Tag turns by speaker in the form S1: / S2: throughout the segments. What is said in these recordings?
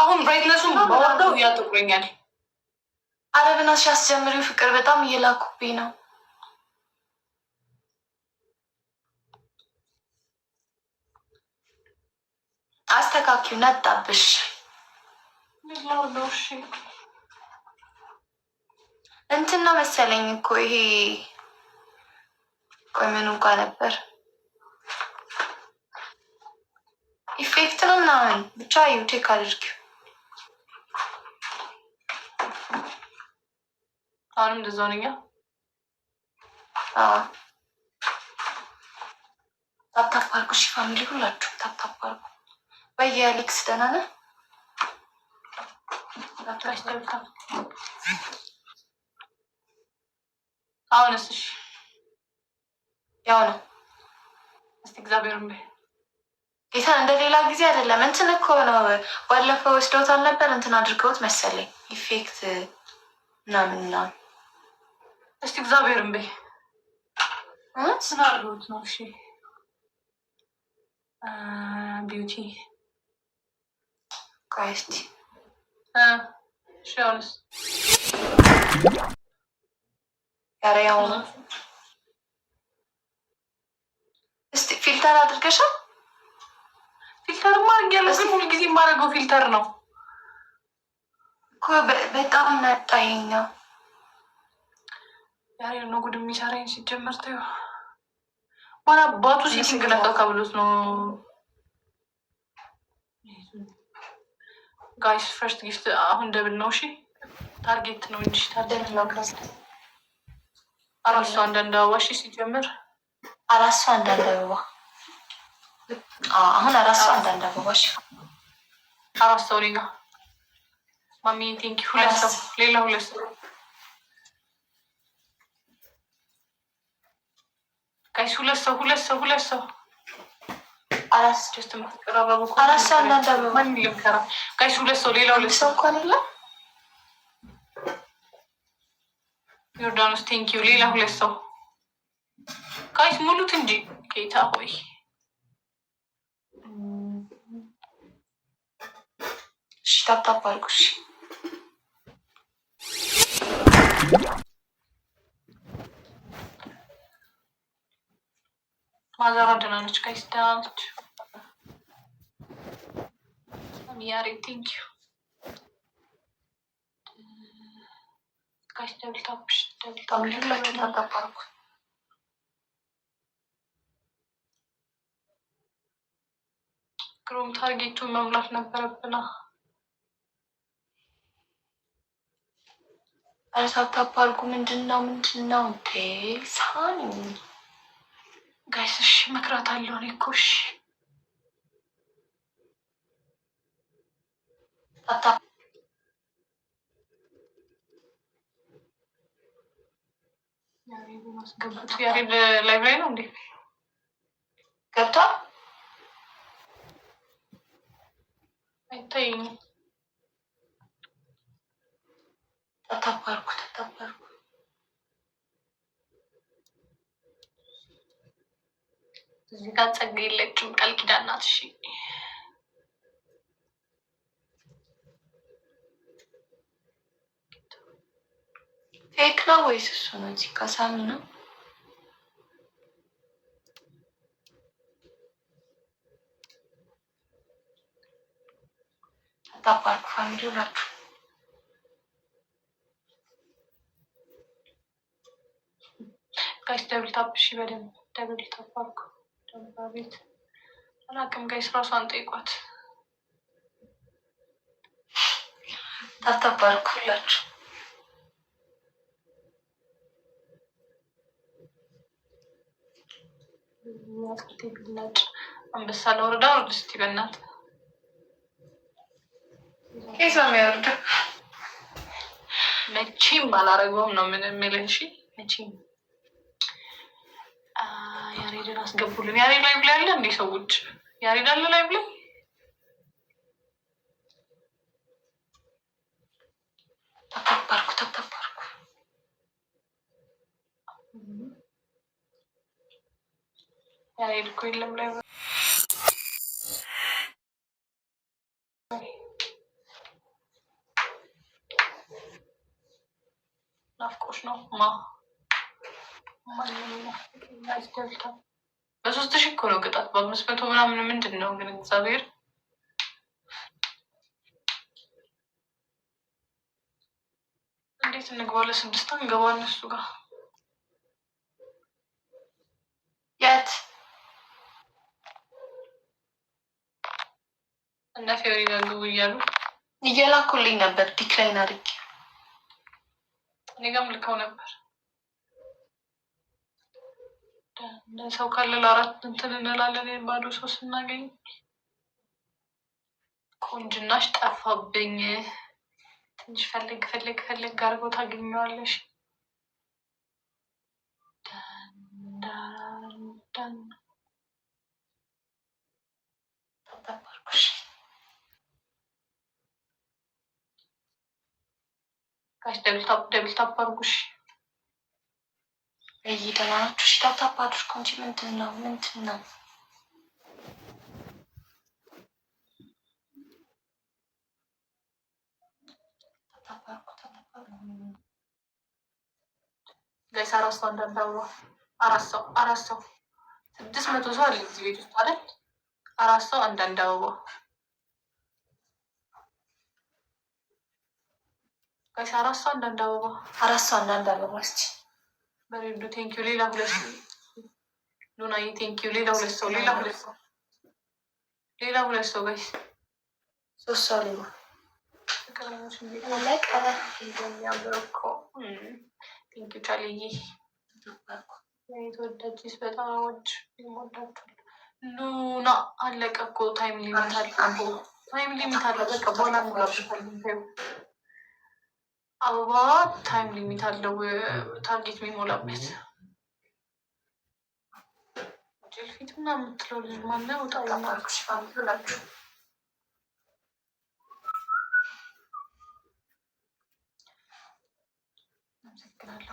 S1: አሁን ብራይትነሱን በወርደው እያጠቁረኛል።
S2: አረብና ሲያስጀምሪው ፍቅር በጣም እየላኩብኝ ነው። አስተካኪው ነጣብሽ። እንትና መሰለኝ እኮ ይሄ ቆይ ምን እንኳ ነበር ኢፌክት ነው ምናምን ብቻ ዩቴክ አድርጊው
S1: አሁንም እንደዛው ነኛ።
S2: ታፕታፕ አድርጉ። እሺ ፋሚሊ ሁላችሁ ታፕታፕ አድርጉ። በየሊክስ ደህና ነህ? አሁንስ? እሺ ያው ነው።
S1: እስቲ እግዚአብሔር ይመስገን
S2: ጌታን እንደሌላ ጊዜ አይደለም። እንትን እኮ ነው ባለፈው ወስደውታል ነበር እንትን አድርገውት መሰለኝ ኢፌክት ምናምን ምናምን
S1: እስቲ እግዚአብሔርን በይ ስናርጎት ነው። እሺ ቢዩቲ ቃስቲ ሽሆንስ
S2: ኧረ ያው ነው። እስቲ ፊልተር አድርገሻል?
S1: ፊልተር ማድረግ ያለ ግን የማደርገው ፊልተር ነው
S2: እኮ በጣም ነጣይኛው
S1: ዛሬ ነው ጉድ የሚሰራኝ። ሲጀመር ተይው ሆነ አባቱ ሴቲንግ ነካው ከብሎት ነው። ጋይስ ፈርስት ጊፍት አሁን ደብል ነው። እሺ ታርጌት ነው እንጂ ታርጌት ነው። አራት ሰው አንዳንድ አበባ እሺ። ሲጀምር
S2: አራት ሰው አንዳንድ አበባ አሁን አራት ሰው አንዳንድ አበባ እሺ።
S1: አራት ሰው እኔ ማሚ ቴንኪ። ሁለት ሰው ሌላ ሁለት ሰው ቀይስ ሁለት ሰው ሁለት ሰው ሁለት ሰው
S2: አራት ሰው አንዳንድ
S1: ቀይስ ሁለት ሰው ሌላ ሁለት ሰው እንኳን ለ ዮርዳኖስ ቴንኪው ሌላ ሁለት ሰው ቀይስ ሙሉት እንጂ ጌታ ሆይ
S2: እሺ ታብታብ
S1: ማዘሯ ደህና ነች፣ ጋይስ ደህና ነች። ያሬ ቴንኪ ጋይስ ደብልታሽ ደብልታ
S2: ሁላችሁ ታተባርኩ
S1: ግሩም ታርጌቱን መሙላት ነበረብና
S2: እሳት አፓርኩ ምንድን ነው ምንድን ነው እንዴ ሳኒ
S1: ጋይስሽ መክራት አለው እኔ እኮ እሺ፣ ማስገባት ያሬድ ላይብራሪ ነው እንዴ ገብቷል? አይታይኝም።
S2: ተታባርኩ ተታባርኩ እዚህ ጋር ጸጋ የለችም ቃል ኪዳን ናት። እሺ ፌክ ነው ወይስ እሱ ነው? እዚህ ጋር ሳሚ ነው። ታባርኩ ፋሚሊ ናችሁ።
S1: ጋሽ ደብል ታፕሺ በደንብ ደብል ታባርኩ ደብራ ቤት አላቅም ጋይስ፣ ራሷን ጠይቋት።
S2: ታብታብ አድርጉላችሁ
S1: አንበሳ ለወረዳ ወርድ ስቲ በናት መቼም አላረገውም ነው ምን የሚልህ? እሺ መቼም ያሬድን አስገቡልን። ያሬድ ላይ ብላ ያለ እንዴ ሰዎች ያሬድ አለ ላይ ብላ
S2: ተከበርኩ ተከበርኩ።
S1: ያሬድ እኮ የለም ላይ ናፍቆሽ ነው ማ ማ ማንም በሶስት ሺ እኮ ነው ቅጣት። በአምስት መቶ ምናምን ምንድን ነው ግን እግዚአብሔር እንዴት እንግባ? ለስድስት እንገባ እነሱ ጋር የት እና ፌሪ ጋር ግቡ እያሉ
S2: እየላኩልኝ ነበር። ዲክላይን አድርጌ
S1: እኔ ጋርም ልከው ነበር ሰው ካለ ለአራት እንትን እንላለን። ባዶ ሰው ስናገኝ
S2: ቆንጅናሽ ጠፋብኝ። ትንሽ ፈለግ ፈለግ ፈለግ አድርጎ ታገኘዋለሽ።
S1: ጋሽ ደብል ታፕ አድርጉሽ።
S2: እይ ደህናችሁ ሽታብታባ አድርጎ እንጂ ምንድን ነው ምንድን ነው?
S1: ጋይስ አራት ሰው እንዳንተው አራት ሰው አራት ሰው ስድስት መቶ ሰው አለ እዚህ ቤት ውስጥ አይደል? አራት ሰው አንዳንድ አበባ ጋይስ አራት ሰው አንዳንድ አበባ
S2: አራት ሰው አንዳንድ አበባ እስኪ
S1: በሬዱ ቴንኪው። ሌላ ሁለት ሉናዬ ቴንኪው። ሌላ ሁለት ሰው ሌላ ሁለት ሰው ሌላ ሁለት ሰው ጋይስ ሶስት ሰው ሌላ ሉና አለቀ እኮ ታይም ሊሚት አለ ታይም ሊሚት አለ በቃ በኋላ አበባ ታይም ሊሚት አለው ታርጌት የሚሞላበት ፊት ምና የምትለው ልጅ ማነ
S2: ወጣላችሁ አመሰግናለሁ። ተባርኩ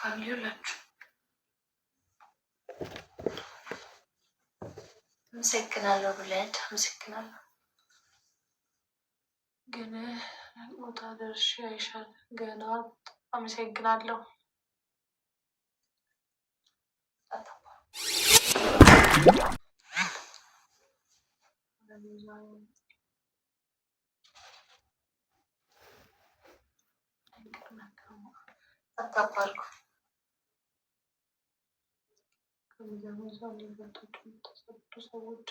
S2: ፋሚሊ ሁላችሁ
S1: አመሰግናለሁ። ብለድ አመሰግናለሁ። ገና ቦታ ደርሼ አይሻል ገና አመሰግናለሁ። ሰዎች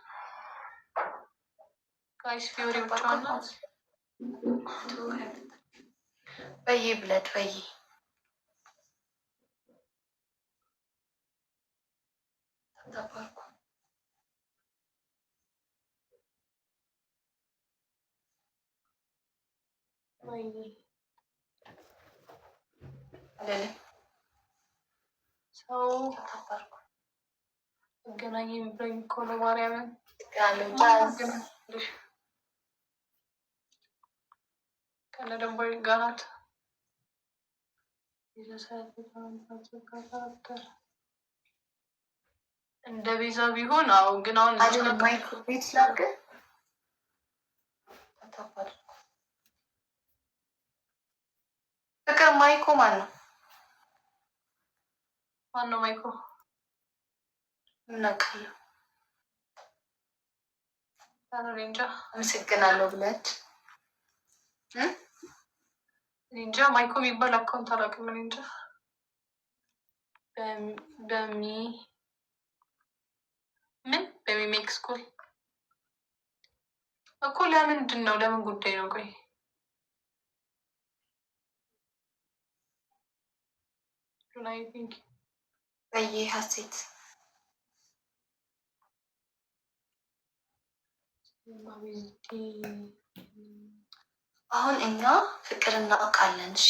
S1: guys Fury which one was? To
S2: him. بي بلاد بي دبركم
S1: بي ليلي ሰው ተፈርኩ እገናኝ ብሎኝ እኮ ነው ማርያምን ያለው ከነ ደንቦይ ጋራት እንደ ቤዛ ቢሆን አዎ፣ ግን አሁን
S2: ፍቅር ማይኮ ማን ነው? ማን ነው ማይኮ? እናውቃለሁ። እንጃ አመሰግናለሁ ብለች
S1: እንጃ ማይኮ የሚባል አካውንት አላውቅም። እንጃ በሚ ምን በሚሜክ ስኩል እኮ ለምንድን ነው? ለምን ጉዳይ ነው? ቆይ
S2: በይ ሀሴት ባ አሁን እኛ ፍቅር እናውቃለን። እሺ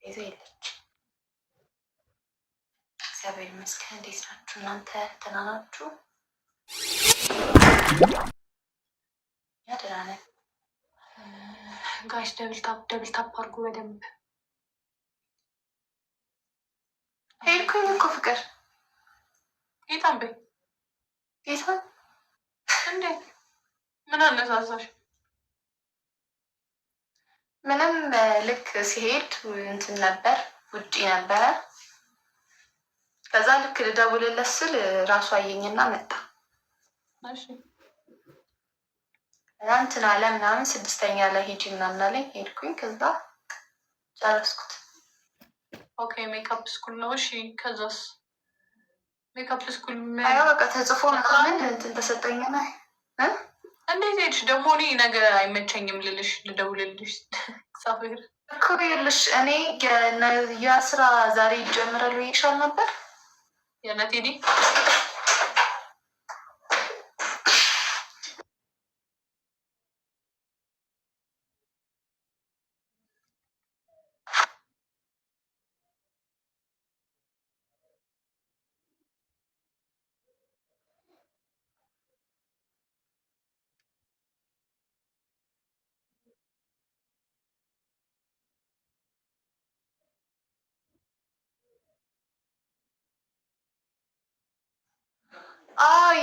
S2: ቤዛ የለች። እግዚአብሔር ይመስገን። እንዴት ናችሁ እናንተ? ደህና ናችሁ? እኛ ደህና ነን። ጋሽ ደብል ታፕ ደብል ታፕ አድርጉ በደንብ ሄድኩኝ እኮ ፍቅር ይጣበኝ ጌታ
S1: እንዴት ምን አነሳሳሽ?
S2: ምንም ልክ ሲሄድ እንትን ነበር ውጪ ነበረ። ከዛ ልክ ልደውልለት ስል ራሱ አየኝና መጣ። እንትን አለ ምናምን ስድስተኛ ላይ ሂጂ ምናምን አለኝ። ሄድኩኝ። ከዛ ጨረስኩት።
S1: ኦኬ ሜካፕ ስኩል ነው። እሺ ከዛስ ሜካፕ ስኩል
S2: አያ በቃ ተጽፎ ምናምን ተሰጠኝና
S1: እንዴት ሄድሽ ደግሞ? እኔ ነገ አይመቸኝም ልልሽ ልደውልልሽ ሳፌር
S2: እኮ ይኸውልሽ እኔ የስራ ዛሬ ይጀምራል ይሻል ነበር የነቴዲ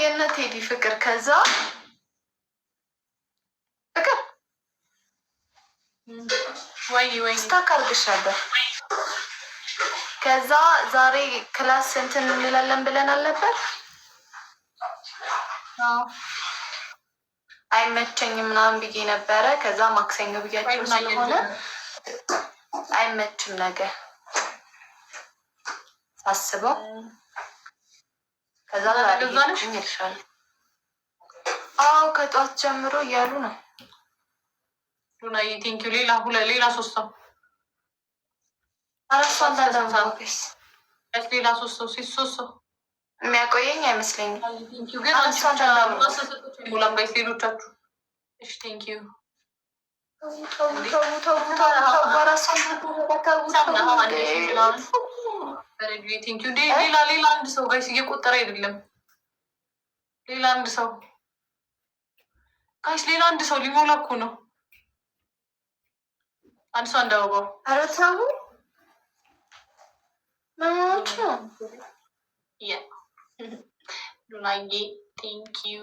S2: የእነ ቴዲ ፍቅር ከዛ ፍቅር ወይኔ ወይኔ ስታክ ከዛ ዛሬ ክላስ እንትን እንላለን ብለን አልነበር? አይመቸኝም ምናምን ብዬ ነበረ። ከዛ ማክሰኞ ብያቸው ስለሆነ አይመችም ነገር ሳስበው ከዛ አዎ ከጧት ጀምሮ እያሉ ነው።
S1: ሉናዬ ቴንኪው። ሌላ ሁለ ሌላ ሶስት ሰው ሌላ ሶስት ሰው ሴት ሶስት ሰው
S2: የሚያቆየኝ አይመስለኝም።
S1: ግን ሌሎቻችሁ እሺ ቴንኪው ነበረ ሌላ ሌላ አንድ ሰው ጋይስ እየቆጠረ አይደለም። ሌላ አንድ ሰው ጋይስ፣ ሌላ አንድ ሰው ሊሞላ እኮ ነው። አንድ ሰው አንድ አበባው
S2: አረሳቡ መሞቹ
S1: ያ ሉናዬ ቲንኪዩ